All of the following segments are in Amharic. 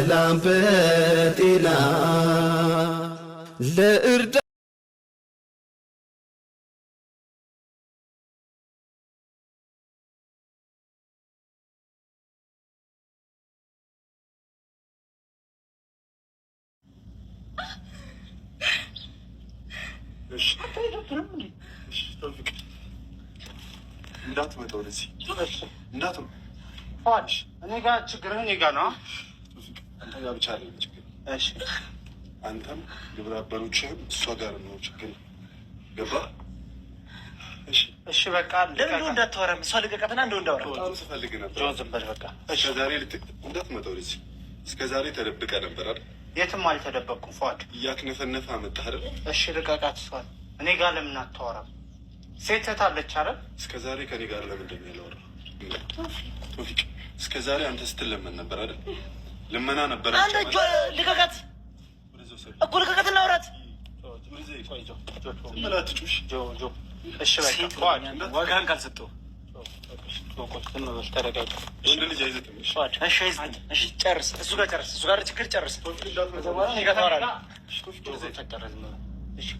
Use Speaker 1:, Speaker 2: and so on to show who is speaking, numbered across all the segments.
Speaker 1: በሰላም በጤና ለእርዳ
Speaker 2: እንዳትመጣ ወደዚህ እንዳትመጣ
Speaker 3: እኔ ጋር ችግርህ እኔ ጋር ነው።
Speaker 2: አንተ ጋር ብቻ አይደለም ችግር። እሺ አንተም ግብረ አበሮችህም እሷ ጋር ነው ችግር። ገባህ?
Speaker 3: እሺ በቃ ለምን እንዳታወራም እሷ ልቀቀትና እንደው እንዳወራ ስፈልግ ነበር። በቃ።
Speaker 2: እሺ ዛሬ ልትቅ እንዳትመጣው ልጅ እስከ ዛሬ ተደብቀ ነበር አይደል?
Speaker 3: የትም አልተደበቅኩም። ፏድ
Speaker 2: እያክነፈነፈ አመጣህ አይደል?
Speaker 3: እሺ ልቀቃት። እሷን እኔ ጋር ለምን አታወራም? ሴት እህት አለች አይደል?
Speaker 2: እስከ ዛሬ ከኔ ጋር ለምን እንደሚያለወራ ቶፊቅ፣ እስከ ዛሬ አንተ ስትለመን ነበር አይደል? ልመና ነበረ።
Speaker 3: አንተ እጇ ልቀቀት እኮ ልቀቀት፣ እናውራት። ዋጋህን ካልሰጠው ጨርስ። እሱ ጋር ጨርስ፣ እሱ ጋር ችግር ጨርስ።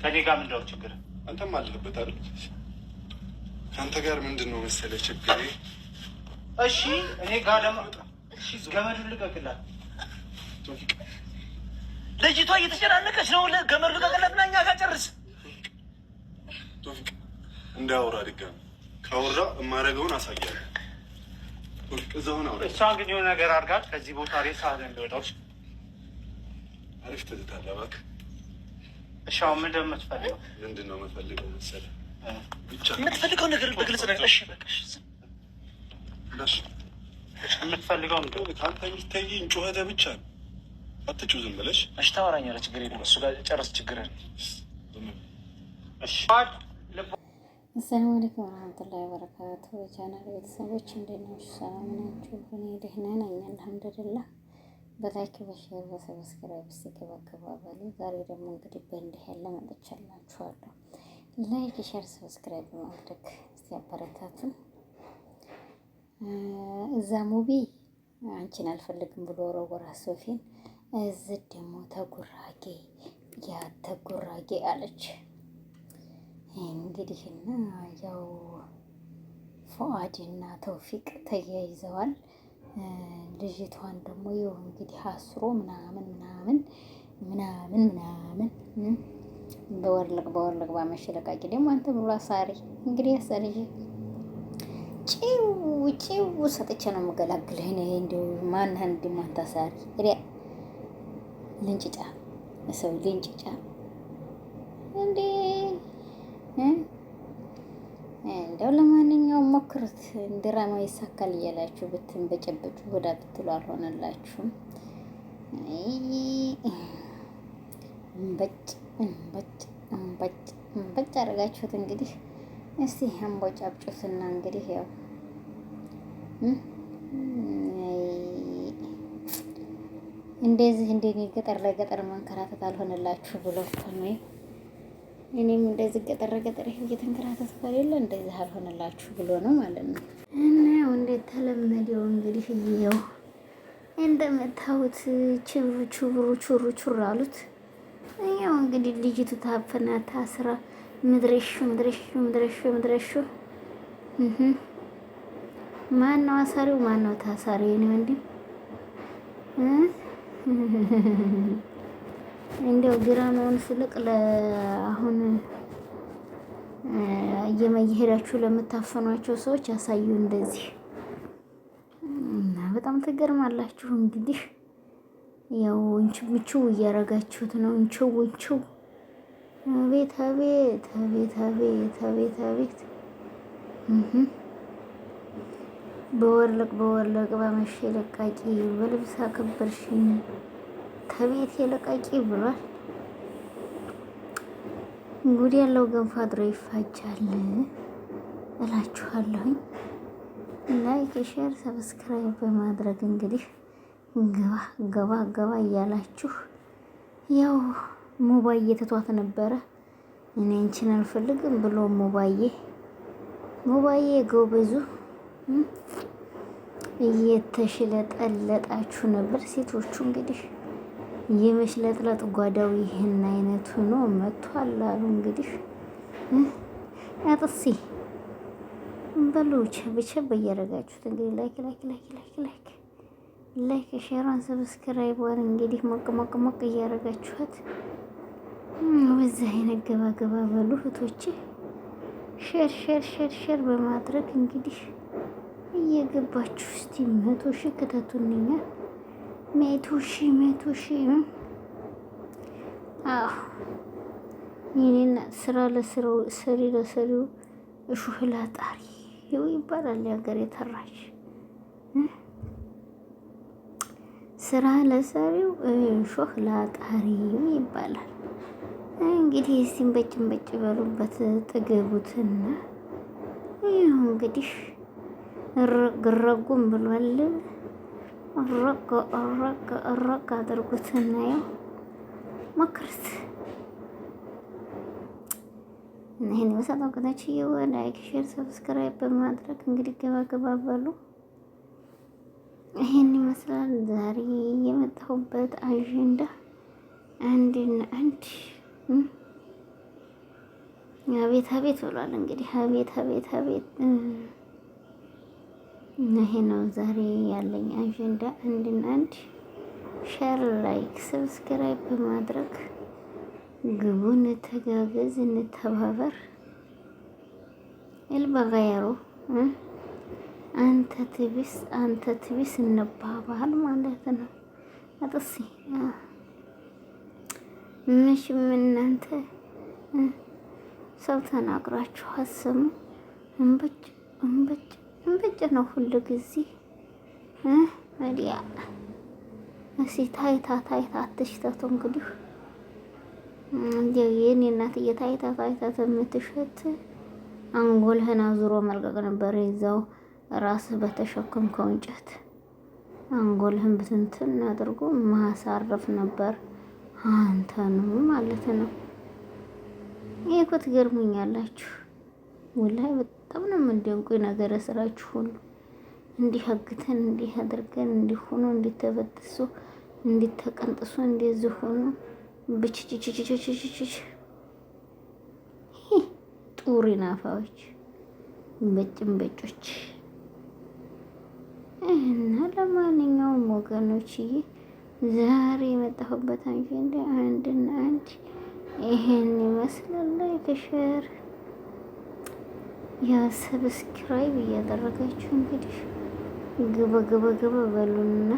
Speaker 3: ከኔ ጋር ምንድን ችግር?
Speaker 2: አንተም አለህበት አይደል? ከአንተ ጋር ምንድን ነው መሰለህ ችግር?
Speaker 3: እሺ እኔ ጋር ደግሞ ገመዱን ልቀቅላት ልጅቷ እየተጨናነቀች ነው። ገመዱ ተቀለጥና እኛ ጋር ጨርስ።
Speaker 2: እንዳያወራ ድጋሚ ካወራ የማደርገውን አሳያለሁ። እዛውን
Speaker 3: እሷ ግን የሆነ ነገር አድርጋት ከዚህ ቦታ ሬሳ እንደወጣች
Speaker 2: አሪፍ ትዝታ አለ። እባክህ
Speaker 3: እሺ፣ አሁን ምን እንደምትፈልገው
Speaker 2: ምንድን ነው የምትፈልገው መሰለህ?
Speaker 3: የምትፈልገው ነገር በግልጽ ነገር። እሺ፣ በቃ እሺ፣ የምትፈልገው
Speaker 2: ምንድን ነው? አንተ የሚታየኝ ጩኸትህ ብቻ ነው። አትጩ ዝም ብለሽ
Speaker 3: እሺ። ታወራኛለህ፣ ችግር የለም። እሱ ጋር ጨርስ ችግርን።
Speaker 4: አሰላሙ አለይኩም ወረህመቱላሂ ወበረካቱ። የቻናል ቤተሰቦች እንዴት ናችሁ? ሰላም ናችሁ? እኔ ደህና ነኝ አልሐምዱሊላህ። በላይክ በሼር በሰብስክራይብ ስገባ አካባቢ ዛሬ ደግሞ እንግዲህ በእንዲህ ያለ መጥቻላችኋለሁ። ላይክ ሼር ሰብስክራይብ በማድረግ እስቲ እዛ ሙቢ አንቺን አልፈልግም ብሎ ወረወራት ሶፊን እዚ ደግሞ ተጉራጌ ያ ተጉራጌ አለች። እንግዲህና ያው ፉአድና ተውፊቅ ተያይዘዋል። ልጅቷን ደግሞ ይኸው እንግዲህ አስሮ ምናምን ምናምን ምናምን ምናምን በወርልቅ በወርልቅ ባመሸለቃቂ ደግሞ አንተ ብሎ አሳሪ እንግዲህ ያሳልጅ ጭው ጭው ሰጥቼ ነው የምገላግልህ። እኔ እንዲሁ ማንህን ሪያ ልንጭጫ ሰው ልንጭጫ እንዴ! እንደው ለማንኛውም ሞክሩት። ድራማው ይሳካል እያላችሁ ብትን በጨበጩ ወዳ ብትሉ አልሆነላችሁም። እምበጭ እምበጭ እምበጭ እምበጭ አደረጋችሁት። እንግዲህ እስቲ እምቦጭ አብጩትና እንግዲህ ያው እንደዚህ እንደኔ ገጠር ለገጠር መንከራተት አልሆነላችሁ ብሎ ከኔ እኔም እንደዚህ ገጠር ለገጠር ይሄ እየተንከራተት ከሌለ እንደዚህ አልሆነላችሁ ብሎ ነው ማለት ነው። እና ያው ተለመደው እንግዲህ ይሄው እንደምታዩት ችብሩ ችብሩ ችሩ ችሩ አሉት። ያው እንግዲህ ልጅቱ ታፈና ታስራ ምድረሹ ምድረሹ ምድረሹ ምድረሹ ማን ነው አሳሪው? ማን ነው ታሳሪ? የኔ ወንድም እንዲያው ግራ ስልቅ ለአሁን እየመሄዳችሁ ለምታፈኗቸው ሰዎች ያሳዩ እንደዚህ እና በጣም ትገርማላችሁ። እንግዲህ ያው እንችው እያረጋችሁት ነው። እንችው እንችው ቤት አቤት አቤት አቤት አቤት አቤት በወርልቅ በወርልቅ በመሸ ለቃቂ በልብስ አከበርሽኝ ከቤት የለቃቂ ብሏል። ጉድ ያለው ገንፎ አድሮ ይፋጃል እላችኋለሁኝ። ላይክ፣ ሼር፣ ሰብስክራይብ በማድረግ እንግዲህ ገባ ገባ ገባ እያላችሁ ያው ሞባዬ ትቷት ነበረ። እኔ አንቺን አልፈልግም ብሎ ሙባዬ ሞባዬ ጎበዙ እየተሽለጠለጣችሁ ነበር። ሴቶቹ እንግዲህ የመሽለጥለጥ ጓዳው ይህን አይነት ሆኖ መጥቷል አሉ እንግዲህ አጥሲ በሉ ቸብቸብ እያደረጋችሁት እንግዲህ ላይክ ላይክ ላይክ ላይክ ላይክ ላይክ ሼሯን ሰብስክራይቧን እንግዲህ ሞቅ ሞቅ ሞቅ እያደረጋችኋት ወዛ አይነት ገባ ገባ በሉ እህቶቼ ሼር ሼር ሼር ሼር በማድረግ እንግዲህ እየገባችሁ እስቲ መቶ ሺህ ክተቱንኛ መቶ ሺህ መቶ ሺህ አዎ ስራ ለስራው ሰሪ ለሰሪው እሾህ ላጣሪ ይው ይባላል የሀገር የተራች ስራ ለሰሪው እሾህ ላጣሪ ይባላል። እንግዲህ እስቲም በጭን በጭ በሉበት ጥገቡትና ይኸው እንግዲህ ግረጉም ብሏል። ረቀ ረቀ ረቀ አድርጉት እናየው ሞክርት ይህን የመሳት ወገኖች እየወ ላይክ፣ ሼር፣ ሰብስክራይብ በማድረግ እንግዲህ ገባ ገባ በሉ። ይህን ይመስላል ዛሬ የመጣሁበት አጀንዳ አንድና አንድ አቤት አቤት ብሏል። እንግዲህ አቤት አቤት አቤት ይሄ ነው ዛሬ ያለኝ አጀንዳ። አንድና አንድ ሸር፣ ላይክ፣ ሰብስክራይብ በማድረግ ግቡ። እንተጋገዝ፣ እንተባበር። እልበጋየሩ አንተ ትቢስ አንተ ትቢስ እንባባል ማለት ነው። አጥሲ ምሽም እናንተ ሰው ተናግራችሁ አሰሙ። እንብጭ እንብጭ እንበጭ ነው ሁሉ ጊዜ ወዲያ እስኪ ታይታ ታይታ አትሽተቱ እንግዲህ እንዲያው የኔ እናትዬ ታይታ ታይታ የምትሸት አንጎልህን አዙሮ መልቀቅ ነበር የዛው ራስህ በተሸከምከው እንጨት አንጎልህን ብትንትን አድርጎ ማሳረፍ ነበር አንተኑ ማለት ነው። ይህ እኮ ትገርሙኛላችሁ። ወላሂ በጣም ነው የምንደንቁ ነገር ስራችሁ ሁሉ እንዲህ አግተን እንዲህ አድርገን እንዲህ ሆኖ እንዲህ ተበጥሶ እንዲህ ተቀንጥሶ እንደዚህ ሆኖ ብችችችችችችች ጡሪ ናፋዎች በጭም በጮች እና ለማንኛውም ወገኖችዬ ዛሬ የመጣሁበት አንቺ እንደ አንድና አንድ ይሄን ይመስላል ላይ ተሸር ሰብስክራይብ እያደረጋችሁ እንግዲህ ግበ ግበ ግበ በሉና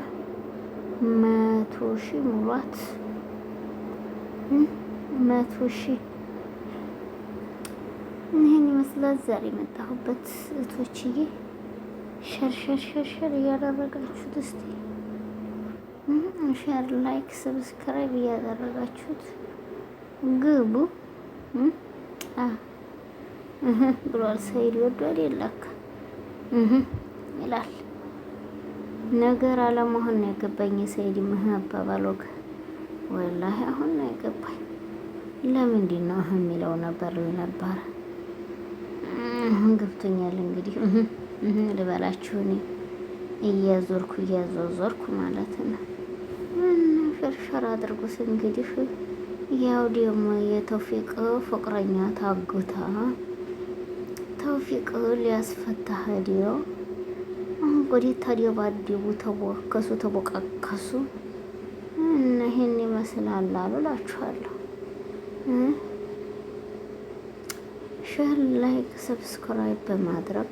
Speaker 4: መቶ ሺ ሙሏት። መቶ ሺ ይህን ይመስላል ዛሬ የመጣሁበት እህቶችዬ። ሸርሸርሸርሸር እያደረጋችሁት እስቲ ሸር፣ ላይክ፣ ሰብስክራይብ እያደረጋችሁት ግቡ። ብሏል። ሰይድ ወዷል የላካ ይላል ነገር አለመሆን ነው የገባኝ። የሰይድ ምህ አባባል ወላሂ አሁን ነው የገባኝ። ለምንድን ነው የሚለው ነበር ነበረ አሁን ገብቶኛል። እንግዲህ ልበላችሁ እኔ እያዞርኩ እያዞዞርኩ ማለት ነው ፍርፍር አድርጉት እንግዲህ ያው ደግሞ የተውፊቅ ፍቅረኛ ታግታ ተውፊቅ ሊያስፈታ ዲዮ አሁን እንግዲህ ተደባደቡ፣ ተቦከሱ፣ ተቦቃከሱ እና ይሄን ይመስላል አሉ እላችኋለሁ። ሼር፣ ላይክ፣ ሰብስክራይብ በማድረግ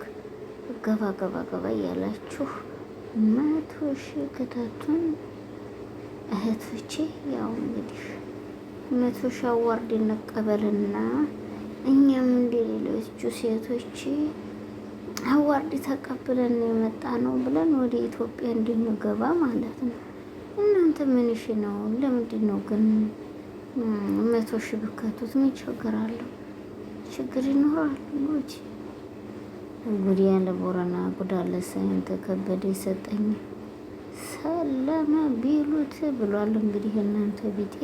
Speaker 4: ገባ ገባ ገባ እያላችሁ መቶ ሺህ ክተቱን እህቶቼ። ያው እንግዲህ መቶ ሺህ አዋርድ እንቀበልና እኛም እንደሌሎቹ ሴቶች አዋርድ ተቀብለን የመጣ ነው ብለን ወደ ኢትዮጵያ እንድንገባ ማለት ነው። እናንተ ምንሽ ነው? ለምንድን ነው ግን መቶ ሺ ብከቱት ምን ችግር አለው? ችግር ይኖራል? ጉድ ጉድ ያለ ቦረና ጉድ አለ። ተከበደ የሰጠኝ ሰለመ ቢሉት ብሏል። እንግዲህ እናንተ ቢጤ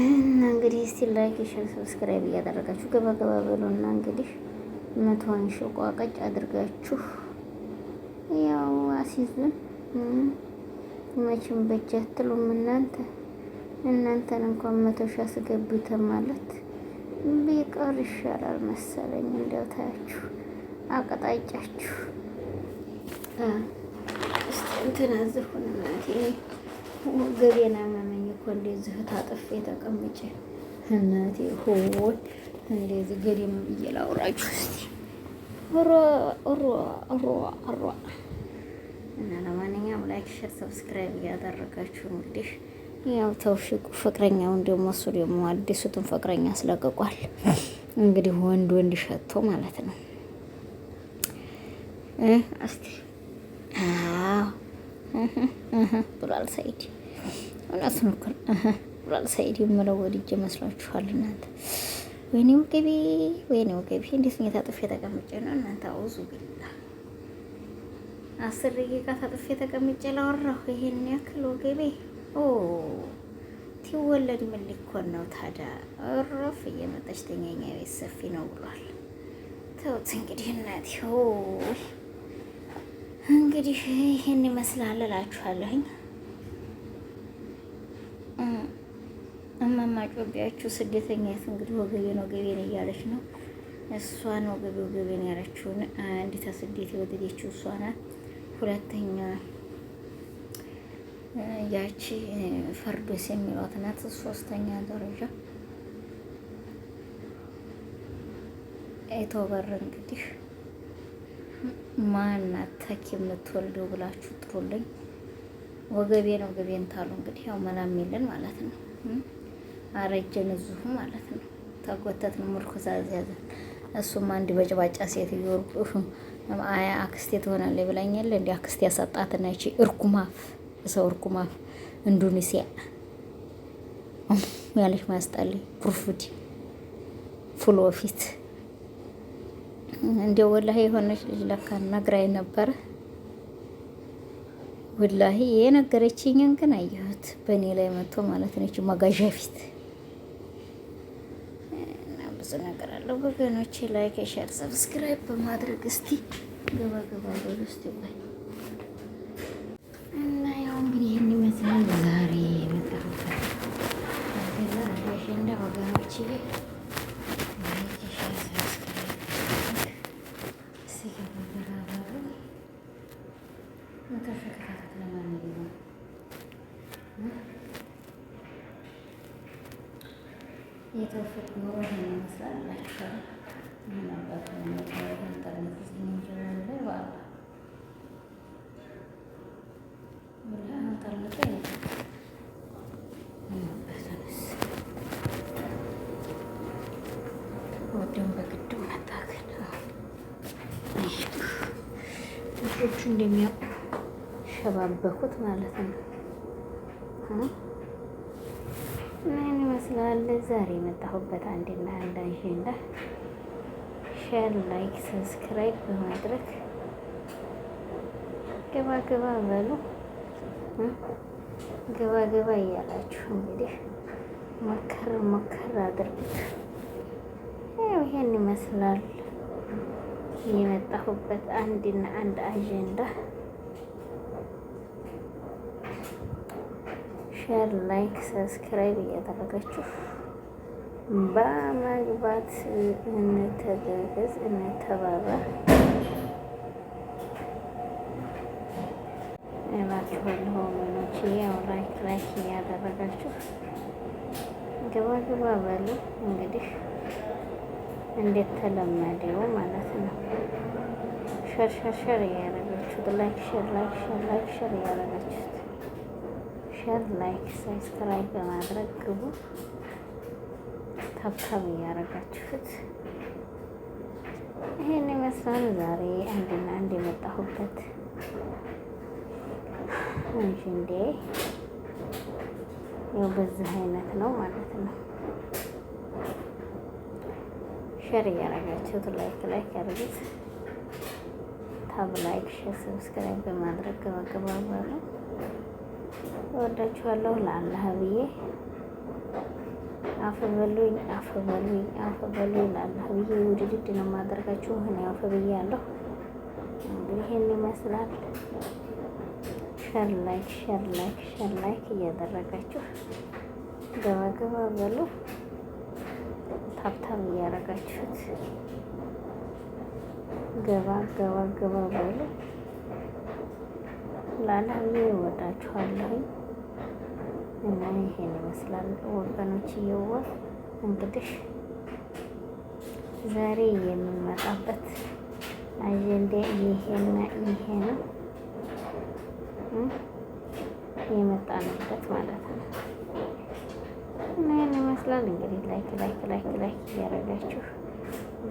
Speaker 4: እና እንግዲህ እስቲ ላይክ፣ ሼር፣ ሰብስክራይብ እያደረጋችሁ ገባ ገባ በሉና እንግዲህ መቶን ሸቋቀጭ አድርጋችሁ ያው አሲዙን መቼም በጀ አትሉም እናንተ እናንተን እንኳን መቶ ሺህ አስገቡት ማለት ቢቀር ይሻላል መሰለኝ። እንደው ታያችሁ አቀጣጫችሁ እንትን አዝሁን ማለት ገቤና እኮ እንደዚህ ታጥፌ ተቀምጬ እናቴ ሆይ እንደዚህ ገደም ብዬ ላውራችሁ እስቲ ሮሮሮሮ እና ለማንኛውም ላይክ፣ ሸር፣ ሰብስክራይብ እያደረጋችሁ እንግዲህ ያው ተውፊቁ ፍቅረኛውን ደግሞ እሱ ደግሞ አዲሱትን ፍቅረኛ አስለቅቋል። እንግዲህ ወንድ ወንድ ሸቶ ማለት ነው። እስቲ ብሏል ሰይድ እውነቱን እኮ ቁራል ሳይድ የምለው ወድጄ መስሏችኋል እናንተ? ወይኔ ወገቤ፣ ወይኔ ወገቤ! እንዴት ነው ታጥፌ ተቀምጬ ነው እናንተ? አውዙ ቢላ አስር ደቂቃ ታጥፌ ተቀምጬ ላወራሁ ይሄን ያክል ወገቤ። ኦ ትወለድ ምን ሊኮን ነው ታዲያ? እረፍ እየመጣች ተኛኛ ቤት ሰፊ ነው ብሏል። ተውት እንግዲህ እናቴ እንግዲህ ይሄን ይመስላል እላችኋለሁኝ። እማማ ጮቢያችሁ ስደተኛ የት እንግዲህ ወገቤን ወገቤን እያለች ነው። እሷን ወገቤ ወገቤን ያለችውን አንዲታ ስደት የወደደችው እሷ ናት። ሁለተኛ ያቺ ፈርዶስ የሚሏት ናት። ሶስተኛ ደረጃ የተወበር እንግዲህ ማናት ተኪ የምትወልደው ብላችሁ ጥሩልኝ። ወገቤ ነው ግቤን ታሉ እንግዲህ ያው መናም የሚልን ማለት ነው። አረጀን እዙሁ ማለት ነው። ነው ምርኩዝ አዝያዘን። እሱም አንድ በጭባጫ ይወርቁ አያ አክስቴ ትሆናለች ብላኛል። እንዲ አክስቴ ያሳጣትና ይቺ እርኩማፍ ሰው እርኩማፍ እንዱኒሲያ ያለች ማያስጣልኝ ኩርፉድ ፉሎፊት እንዲያው ወላሂ የሆነች ልጅ ለካ ነግራይ ነበረ። ወላሂ የነገረችኝን ግን አየሁት በእኔ ላይ መጥቶ ማለት ነች መጋዣ ፊት እና ብዙ ነገር አለው። ወገኖቼ ላይክ፣ ሸር፣ ሰብስክራይብ በማድረግ እስቲ ገባ ገባ በሉ እስቲ እንደሚያሸባበኩት ማለት ነው። ምን ይመስላል? ዛሬ የመጣሁበት አንድና አንድ አጀንዳ ሼር፣ ላይክ፣ ሰብስክራይብ በማድረግ ገባ ገባ በሉ ገባ ገባ እያላችሁ እንግዲህ ሞከር ሞከር አድርጉት። ይሄን ይመስላል። የመጣሁበት አንድና አንድ አጀንዳ ሼር፣ ላይክ፣ ሰብስክራይብ እያደረጋችሁ በመግባት እንተጋገዝ፣ እንተባበር እላችኋለሁ። ወገኖች ያው ላይክ ላይክ እያደረጋችሁ ግባ ግባ በሉ እንግዲህ እንደተለመደው ማለት ነው። ሸር ሸር ሸር እያደረጋችሁት ላይክ ሸር ላይክ ሸር ላይክ ሸር እያደረጋችሁት ሸር ላይክ ሰብስክራይብ በማድረግ ግቡ። ታብታብ እያደረጋችሁት ይህን ይመስላል ዛሬ አንድና አንድ የመጣሁበት እንጂ እንዴ ያው በዚህ አይነት ነው ማለት ነው። ሸር እያረጋችሁት ላይክ ላይክ ያደርጉት ታብ ላይክ ሸር ሰብስክራይብ በማድረግ ገባገባ በሉ። እወዳችኋለሁ ለአላህ ብዬ አፈ በሉኝ አፈ ለአላህ ብዬ ውድድድ ነው ማድረጋችሁ። እኔ አፈ ብዬ አለሁ። እንግዲህ ይህን ይመስላል። ሸር ላይክ ሸር ላይክ ሸር ላይክ እያደረጋችሁ ገባገባ በሉ። ሀብታም እያደረጋችሁት ገባ ገባ ገባ በሉ። ላላየ እወዳችኋለሁ እና ይሄን ይመስላል ወገኖች። እየዋ እንግዲህ ዛሬ የምንመጣበት አጀንዳ ይሄና ይሄ ነው የመጣንበት ማለት ነው። እና ያን ይመስላል እንግዲህ ላይክ ላይክ ላይክ ላይክ እያደረጋችሁ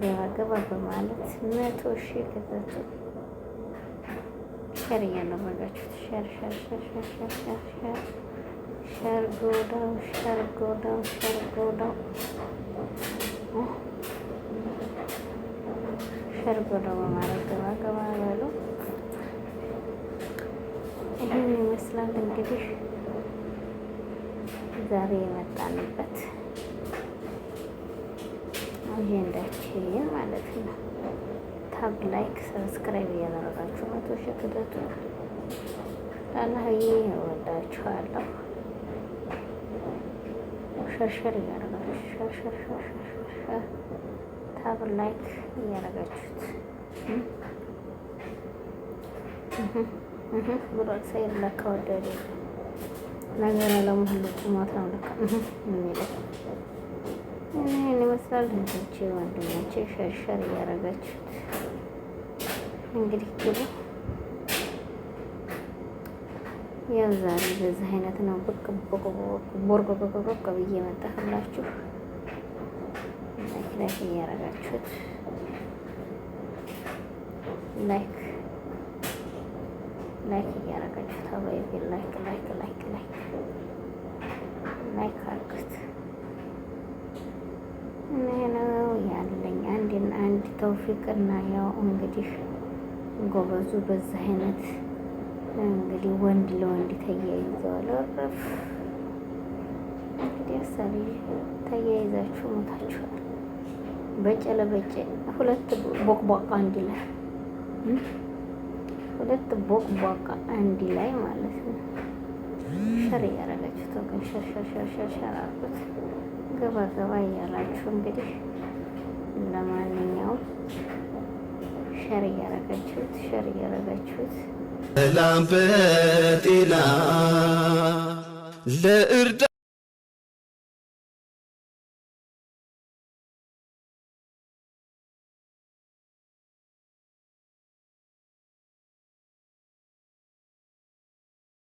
Speaker 4: ገባገባ በማለት መቶ ሺህ ክተቱ ሸር እያደረጋችሁት ሸር ሸር ሸር ሸር ሸር ሸር ሸር ሸር ጎዳው ሸር ጎዳው ሸር ጎዳው ሸር ጎዳው በማለት ገባገባ በሉ። ይህን ይመስላል እንግዲህ ዛሬ የመጣንበት አጀንዳችን ማለት ነው። ታብ ላይክ፣ ሰብስክራይብ እያደረጋችሁ መቶ ሺህ ክደቱ ላላህዬ እወዳችኋለሁ። ሸርሸር እያደረጋችሁ ሸርሸር ሸርሸር ታብ ላይክ እያደረጋችሁት ብሎ ሰይድ ለካ ወደደ ነገር አለሙ ሁሉ ቁማት ነው ልካ የሚለው ይህን ይመስላል። ህንቶቼ ወንድሞቼ ሸርሸር እያደረጋችሁት እንግዲህ ግቡ። ያው ዛሬ በዚህ አይነት ነው ብቅ ቦርቆቆቆቆ ብዬ መጣሁላችሁ። ላይክ ላይክ እያደረጋችሁት ላይክ ላይክ እያደረጋችሁ ተባይቤ ላይክ ላይክ ላይክ ላይክ ላይክ አድርጉት እና ነው ያለኝ አንድና አንድ ተውፊቅና እና ያው እንግዲህ ጎበዙ በዛ አይነት እንግዲህ ወንድ ለወንድ ተያይዘዋል። ረፍ እንግዲህ አሳቢ ተያይዛችሁ ሞታችኋል። በጨ ለበጨ ሁለት ቦቅቧቅ አንድ ላይ ሁለት ቦቅቧቃ አንድ ላይ ማለት ነው። ሸር ሸር ሸር ሸር አርጉት። ገባ ገባ እያላችሁ እንግዲህ ለማንኛውም ሸር እያደረጋችሁት ሸር እያደረጋችሁት
Speaker 1: ሰላም በጤና ለእርዳ